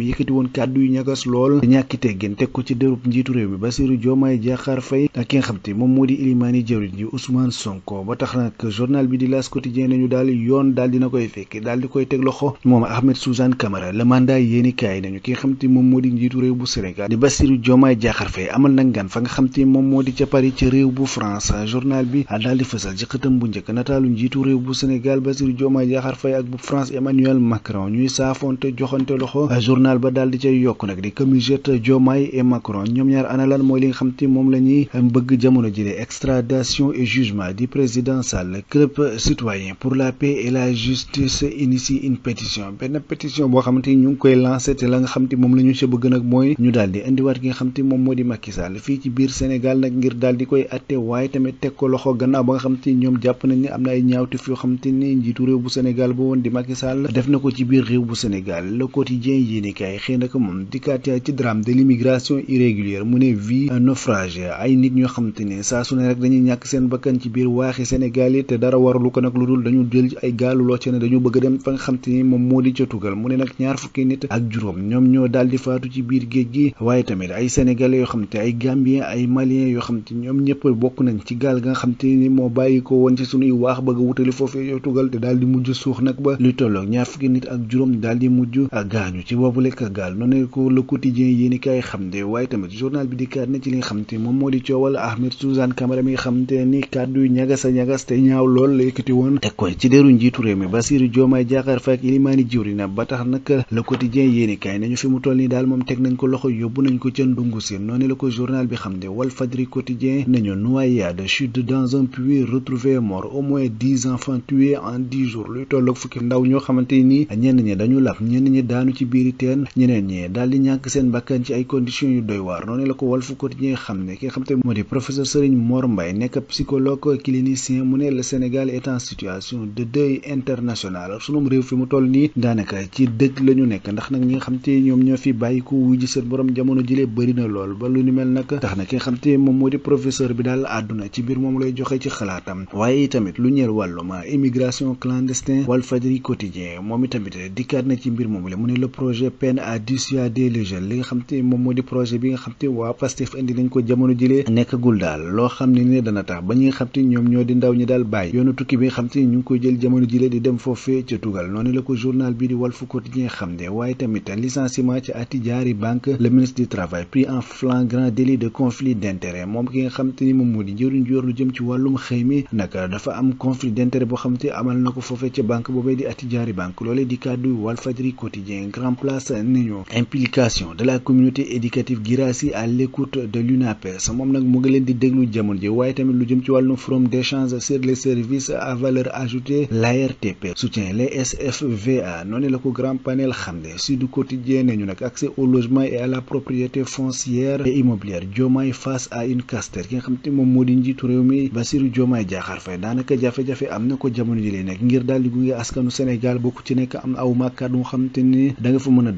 mi yëkkati woon kàddu yu ñagas lool te ñàkki teggin teg ko ci dërub njiitu réew mi Bassirou Diomaye Diakhar Faye ak ki nga xam te moom moo di ilimaani jëwriñ ji Ousmane bi di L'As Quotidien nañu daal yoon daal dina koy fekki bu Sénégal di na ngan fa nga bi daal di fësal ci xëtam bu njëkk nataalu njiitu réew bu Sénégal Bassirou Diomaye Diakhar Faye ak bu France Emmanuel Macron ñuy saafonte joxante loxo journal journal ba daal di cay yokk nag di camisette Diomaye et Macron ñoom ñaar ana mooy li nga xam moom la ñuy bëgg jamono jile extradition et jugement du président Sall club citoyen ni ñu ngi koy lancé te la nga xam te moom la ñu ci nag mooy ñu daal di indiwaat ki nga xam moom moo di Macky Sall fii ci biir Sénégal nag ngir daal di koy atte waaye tamit teg ko loxo gannaaw ba nga xam te ñoom jàpp nañ ni am na ay ñaawteef yoo xam te ni njiitu réew bu Sénégal bu woon di Macky Sall def na ko ci biir réew bu Sénégal le quotidien yéene yéenekaay xëy naka moom dikkaat ci drame de l'immigration irrégulière mu ne vie naufrage ay nit ñoo xamante ne saa su ne rek dañuy ñàkk seen bakkan ci biir waaxi Sénégal yi te dara waralu ko nag lu dul dañu jël ay gaalu loo ci ne dañu bëgg dem fa nga xamante ni moom moo di ca tugal mu ne nag ñaar fukki nit ak juróom ñoom ñoo daal di faatu ci biir géej gi waaye tamit ay sénégalais yoo xamante ay gambien ay malien yoo xamante ñoom ñëpp bokk nañ ci gaal ga nga xamante ni moo bàyyi ko woon ci suñuy waax bëgg a wutali foofee yoo tugal te daal di mujj suux nag ba lu tolloog ñaar fukki nit ak daal di mujj Sénégal noonu ko le quotidien yéen xam ne waaye tamit journal bi di kaat ne ci li xam te moom moo di coowal Ahmed Suzanne Camara mi nga xam te ni kàddu ñagas a ñagas te ñaaw lool la yëkkati woon teg ci deru njiitu réew mi Bassirou Diomaye Diakhar Faye ak Ilimaani Diourina ba tax nag le quotidien yéen nañu fi mu toll ni daal moom teg nañ ko loxo yóbbu nañ ko ca ndungu si noonu la journal bi xam ne Walf Fadjri quotidien bakkan ñeneen ñee daal di ñàkk seen bakkan ci ay conditions yu doy waar noonu la ko Walf Quotidien xam ne ki nga xam te moo di professeur Serigne Mor Mbaye nekk psychologue réew fi mu toll nii daanaka ci dëj la nekk ndax nag ñi xam te ñoom ñoo fi bàyyi ko wuy ji seen borom jamono jëlee bëri na lool ba lu ni mel nag tax na ki nga xam te moom moo di professeur bi daal àdduna ci mbir moom lay joxe ci xalaatam waaye tamit lu ñeel wàlluma immigration clandestine Walfadjri Quotidien moom itamit dikkaat na ci mbir moom la peine à dissuader les jeunes li nga xam te moom di projet bi nga xam te waa Pastef indi nañ ko jamono jilee nekkagul daal loo xam ne ne dana tax ba ñi nga ñu ngi koy jël jamono jilee di dem foofee ca tugal noonu la ko journal bi di Walf Quotidien xam ne waaye tamit licenciement ci ati jaari banque le ministre du travail pris en flagrant délit de conflit d'intérêt moom ki nga xam ni moom di jëriñ yor lu jëm ci wàllum xëy naka dafa am na ko foofee ca nañu implication de la communauté éducative Guirassy à l'écoute de l'UNAPES moom nag mu ngi leen di déglu jamono ji waaye tamit lu jëm ci wàllum forum d'échange sur les services à valeur ajoutée l'ARTP soutient les SFVA noonu la ko grand panel xam ne Sud Quotidien nañu nag accès au logement et à la propriété foncière et immobilière Diomaye face à une caster ki nga xam te moom moo di njiitu réew mi Bassirou Diomaye Diakhar fay daanaka jafe-jafe am na ko jamono ji lee nekk ngir daal di gunge askanu Sénégal bokku ci nekk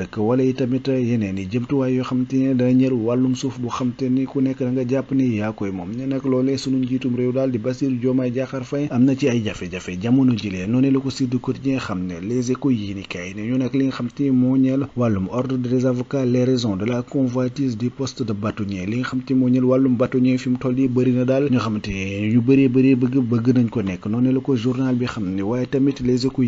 dëkk wala yi tamit yeneen yi jëmtuwaay yoo xamante ne dana ku nekk da nga jàpp ni yaa koy moom ne nag loolee sunu njiitum réew daal di Bassirou Diomaye Diakhar Faye am na ci ay jafe-jafe jamono jilee noonu la ko Sud Quotidien xam ne les échos yi ne ñu nag li nga xamante ni moo ñeel wàllum ordre des avocats les raisons de la convoitise du de bâtonnier li nga xamante ni moo ñeel wàllum bâtonnier fi toll yi bëri na daal ñu xam ne waaye tamit les échos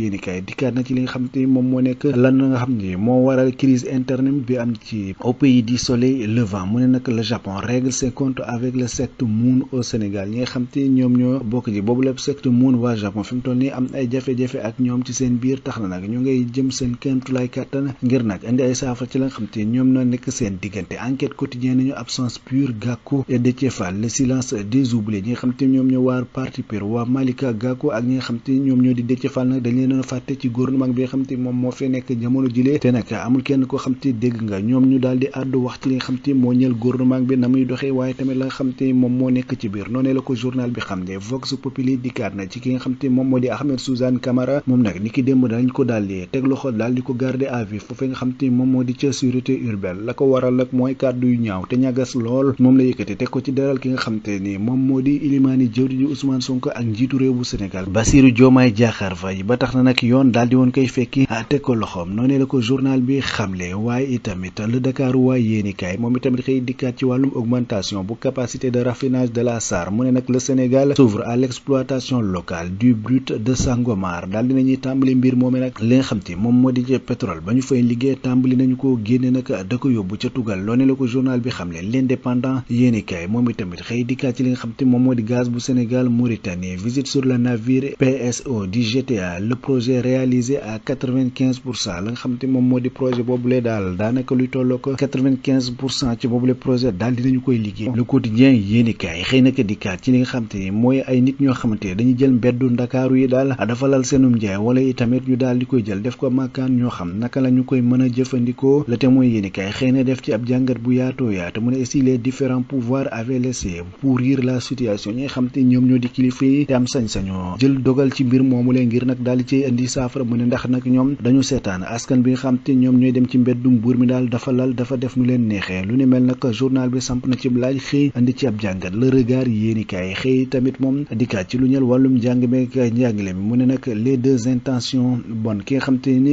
waral crise interne bi am ci au pays du soleil levant mu ne nag le Japon règle ses avec le secte Moon au Sénégal ñi nga xam ñoom ñoo bokk ji boobu lépp secte Moon waa Japon fi toll nii am ay jafe-jafe ak ñoom ci seen biir tax na nag ñu ngay jëm seen kéemtulaay kàttan ngir nag indi ay saafara ci la nga xam ñoom na nekk seen diggante enquête quotidienne nañu absence pure Gakou et Déthié Fall le silence des ñi nga xam ñoom ñoo waar parti pur waa Malika Gakou amul kenn koo xam te dégg nga ñoom ñu daal di àddu wax ci li nga xam te moo ñeel gouvernement bi na muy doxee la nga xam te moom moo nekk ci biir noonee la ko journal bi te moom moo di Ahmed Suzanne Camara ki démb dañ xam te moom moo di ca sécurité urbaine la ko waral nag mooy kàddu yu ñaaw te ñagas lool moom la yëkkati teg ko ci daral ki nga xam te ni moom moo di ilimaani jëwri ji Ousmane Sonko ak njiitu réew bu Sénégal Bassirou Diomaye Diakhar Faye ba tax na nag yoon daal di woon koy fekki ah, teg ko loxoom noonee la ko journal bi xamle waaye itamit le Dakar waay yéenikaay moom itamit xëy dikkaat ci wàllum augmentation bu capacité de raffinage de la SAR mu ne nag le Sénégal s'ouvre à l'exploitation locale du brut de Sangomar daal dinañuy tàmbali mbir moomee nag li nga moom moo di pétrole ba ñu fay liggéey tàmbali nañu ko génne nag da ko yóbbu ca tugal loo ne la ko journal bi xam le l'indépendant yéenikaay moom itamit xëy dikkaat ci li nga moom moo di gaz bu Sénégal Mauritanie visite sur le navire PSO du GTA le projet réalisé à projet boobulee daal daanaka luy tolloog quatre-vingt-quinze pour cent ci boobule projet daal dinañu koy liggéey le quotidien yéenikaay xëy naka dikkaat ci li nga xamante mooy ay nit ñu daal di koy jël def ko màkkaan ñoo xam naka la ñu koy mën a jëfandikoo le témoin yéenikaay xëy na def ci ab jàngat bu yaatoo yaatu mu ne si les différents pouvoirs avaient laissé pourrir la situation ñi nga ñoom ñoo di kilifa yi te am sañ-sañoo jël dogal ci mbir moomu ngir nag daal di cay indi saafara mu ne ndax nag ñoom dañu seetaan askan bi nga xamante ñooy dem ci mbeddum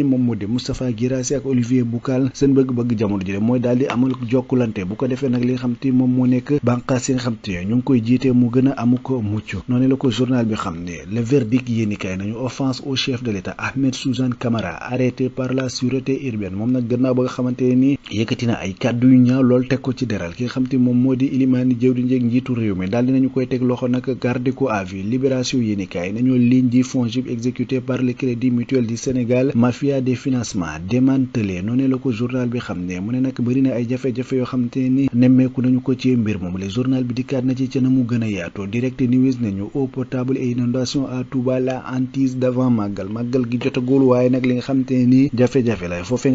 moom mu di Moustapha Guirassy ak Olivier Boucal seen bëgg-bëgg jamono ji mooy daal amal jokkulante bu ko defee nag li xam moom moo nekk bànqaas yi xam te ñu ngi koy jiitee mu gën a mucc noonu la ko journal bi xam ne le verdict yéenikaay nañu offense au chef de l'État Ahmed Souzane Camara arrêté par la sûreté urbaine leen moom nag gannaaw ba nga xamante ni yëkkati na ay kàddu yu ñaaw loolu teg ko ci deral ki nga xam te moom moo di Ilimani jëw di njëg njiitu réew mi daal dinañu koy teg loxo nag garde ko à vue libération yéenekaay nañoo ligne di FONGIP exécuté par le Crédit Mutuel du Sénégal mafia des financements démantelé noonu la ko journal bi xam ne mu ne nag bëri na ay jafe-jafe yoo xam te ni nemmeeku nañu ko ci mbir moom le journal bi di na ci ca na mu g a yaatoo direct news nañu eau potable et inondation à Touba la hantise d'avant màggal màggal gi jotagul waaye nag li nga xam te ni jafe-jafe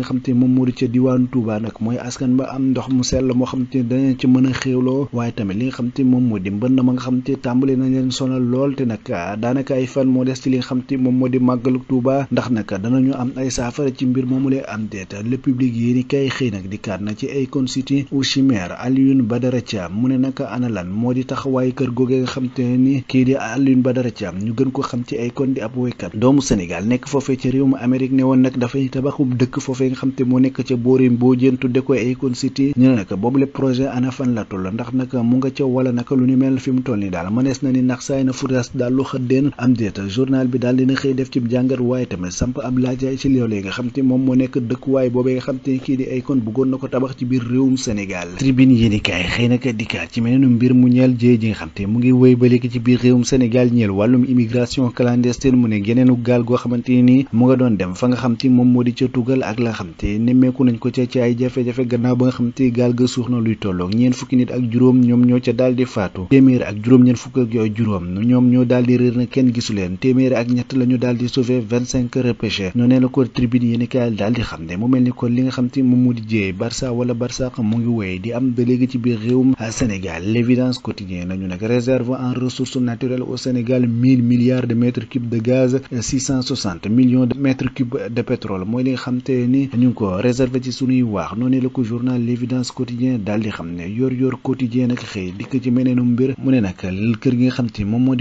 nga xam te moom moo di ca diwaanu Touba nag mooy askan ba am ndox mu sell moo xam te danañ ci mën a li xam moom moo di mbënd ma nga xam te tàmbali nañ lool te nag ah, daanaka ay fan moo des ci li xam moo di màggalu Touba ndax nag danañu am ay saafara ci mbir moomu lee am deeta le public yéeni kay xëy nag di kaat na ci ay consité au chimère Alioune Badara Thiam mu ne nag ana lan moo di taxawaayu kër googee nga xam te ni kii di Alioune Badara Thiam ñu gën ko xam ci ay kon di ab woykat doomu Sénégal nekk foofee ci mu Amérique ne woon nag xam te moo nekk ca boorim boo jën tudde ko Akon City ñu ne naka boobu le projet ana fan la toll ndax naka mu nga ca wala naka lu ñu mel fi mu toll ni daal mënees na ni ndax saay na furaas daal lu xëddeen am déet journal bi daal dina xëy def ci jàngat waaye tamit samp ab laajaay ci loolu yi nga xam te moom moo nekk dëkkuwaay boobee nga xam te ni kii di Akon bëggoon na ko tabax ci biir réewum Sénégal tribune yéenikaay xëy naka dikkaat ci meneenu mbir mu ñeel jëye ji nga xam te mu ngi wéy ba léegi ci biir réewum Sénégal ñeel wàllum immigration clandestine mu ne geneenu gaal goo xamante ni mu nga doon dem fa nga xam te moom moo di ca xam te nemmeeku nañ ko ca ci ay jafe-jafe gannaaw ba nga xam te gaal ga suux na luy tolloog ñeen fukki nit ak juróom ñoom ñoo ca daal di faatu téeméer ak juróom ñeen fukk ak juróom ñoom ñoo daal di réer na kenn gisu leen téeméer ak ñett la ñu daal di sauver vingt-cinq repêchés ñoo nee la ko tribune yéeni kaay di xam ne mu mel ni kon li nga xam te moom moo di jéey barça wala barsaq mu ngi woy di am ba léegi ci biir réewum Sénégal l'évidence quotidienne nañu nag réserve en ressources naturelles au Sénégal mille milliards de mètres cubes de gaz six cent soixante millions de de pétrole mooy li nga xam te ñu ngi ko réservé ci sunuy waax noonu ko journal l'évidence quotidien daal di xam ne yor yor quotidien nag xëy dikk ci meneenum mbir mu ne nag kër gi nga xam te ni moom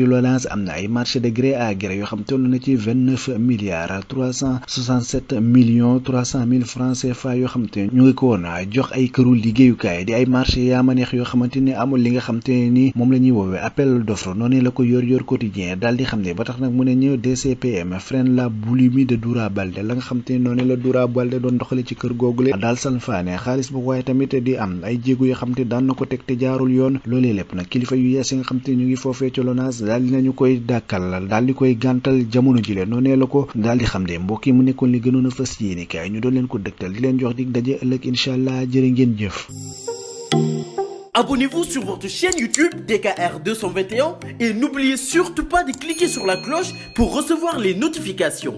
la ñuy appel d'offre noonu ko yor yor quotidien daal di xam ne ba tax nag mu ne ñëw DCPM freine la boulimie de Doura Baldé la nga xam te noonu la Doura doon doxale ci kër googule daal sanfaane xaalis bu waaye tamit di am ay jéego yoo xam te teg te jaarul yoon loolee lépp nag kilifa yu yees yi ñu ngi foofee ci LONASE daal koy dàkkal daal di koy gàntal jamono ji leen noonee ko daal xam de mbokk mu nekkoon li gënoon a fës yéeni ñu doon leen ko dëgtal di leen jox dig daje ëllëg incha allah ngeen jëf Abonnez-vous sur votre chaîne YouTube DKR et n'oubliez surtout pas de cliquer sur